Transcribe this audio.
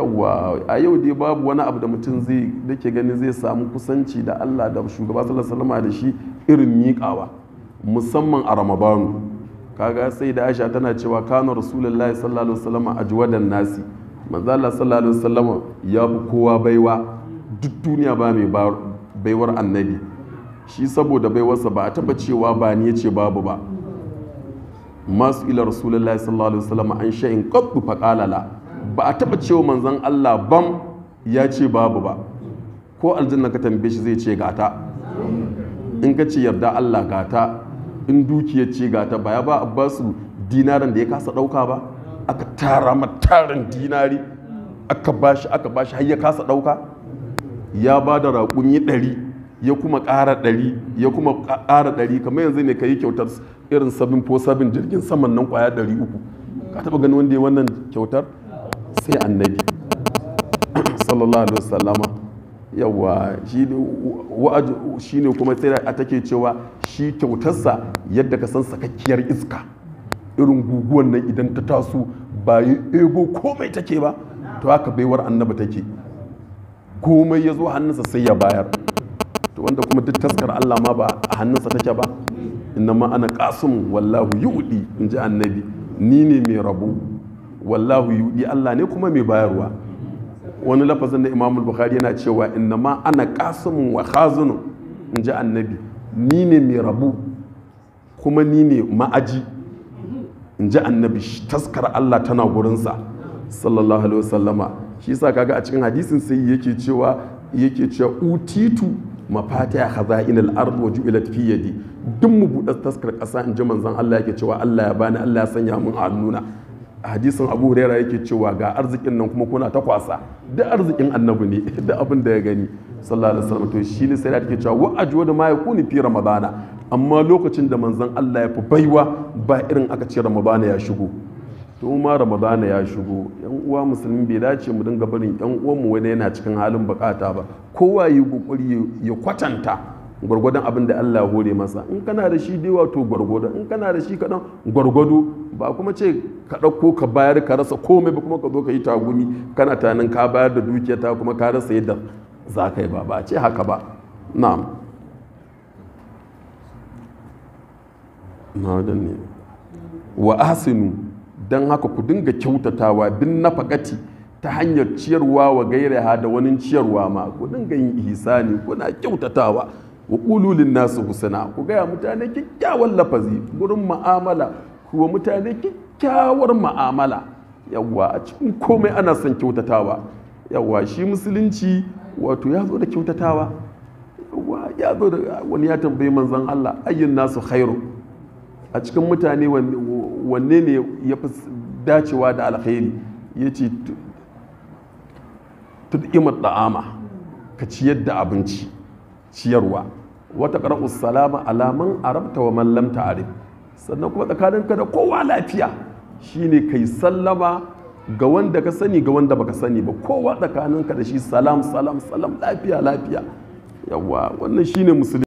yawwa a yau dai babu wani abu da mutum zai da ke ganin zai samu kusanci da Allah da shugaba sallallahu alaihi da shi irin miƙawa musamman a ramadan kaga sai da Aisha tana cewa kana rasulullahi sallallahu alaihi wasallam ajwadan nasi manzo Allah sallallahu alaihi wasallam ya fi kowa baiwa duk duniya ba mai baiwar annabi shi saboda baiwarsa ba a taba cewa ba ni yace babu ba masu ila rasulullahi sallallahu alaihi wasallam an sha'in qabbu fa qalala ba a taba cewa manzan Allah bam ya ce babu ba ko aljanna ka tambaye shi zai ce gata in ka ce yarda Allah gata in dukiya ce gata ba ya ba Abbasu dinaran da ya kasa ɗauka ba aka tara matarin dinari aka bashi aka bashi har ya kasa ɗauka ya ba da raƙumi ɗari ya kuma ƙara ɗari ya kuma ƙara ɗari kamar yanzu ne ka yi kyautar irin sabin po sabin jirgin saman nan ƙwaya ɗari uku ka taɓa ganin wanda ya wannan kyautar sai annabi sallallahu alaihi wasallama yawa shi ne kuma sai a take cewa shi kyautarsa yadda ka san sakakkiyar iska irin guguwan nan idan ta taso ba yi ebo komai take ba to haka baiwar annaba take komai ya zo hannunsa sai ya bayar to wanda kuma duk taskar Allah ma ba a hannunsa take ba inna ma ana qasim wallahu yu'di in ji annabi ni ne mai rabo wallahu yudi Allah ne kuma mai bayarwa wani lafazin da imamul bukhari yana cewa inna ma ana qasimun wa khazinu in ji annabi ni ne mai rabu kuma ni ne ma'aji in ji annabi taskar Allah tana gurinsa sallallahu alaihi wasallama shi yasa kaga a cikin hadisin sai yake cewa yake cewa utitu mafatiha khaza'inal ard wa ju'ilat fi yadi duk mu buɗe taskar ƙasa in ji manzon Allah yake cewa Allah ya bani Allah ya sanya mun a hannuna hadisin abu huraira yake cewa ga arzikin nan kuma kuna ta kwasa da arzikin annabi ne da abin da ya gani sallallahu alaihi wasallam to shi ne sai da take cewa wa ajwa da ma yakuni fi ramadana amma lokacin da manzon Allah ya fi baiwa ba irin aka ce ramadana ya shigo to ma ramadana ya shigo yan uwa musulmi bai dace mu dinga barin yan uwan mu wani yana cikin halin bukata ba kowa yi kokari ya kwatanta gwargwadon abin da Allah hore masa in kana da shi dai wato gwargwado in kana da shi kaɗan gwargwado ba kuma ce ka ɗauko ka bayar ka rasa komai ba kuma ka zo ka yi tagumi kana tanin ka bayar da dukiya ta kuma ka rasa yadda za ka yi ba ba ce haka ba na'am na ne wa asinu don haka ku dinga kyautatawa bin nafakati ta hanyar ciyarwa wa gairaha da wani ciyarwa ma ku dinga yin ihsani kuna kyautatawa wa ƙululin nasu husana ku gaya mutane kyakkyawan lafazi wurin ma'amala kuwa mutane kyakkyawar ma'amala yawwa a cikin komai ana son kyautatawa yawwa shi musulunci wato ya zo da kyautatawa yawwa ya zo da wani ya tambayi manzan Allah ayyun nasu khairu a cikin mutane wanne ne ya fi dacewa da alkhairi ya ce tud'imar da'ama ka ciyar da abinci ciyarwa wata ƙar'u salama alaman arabta wa mallam ta'arif sannan kuma tsakaninka da kowa lafiya shine kai sallama ga wanda ka sani ga wanda baka sani ba kowa tsakaninka da shi salam salam salam lafiya lafiya yawa wannan shine musulmi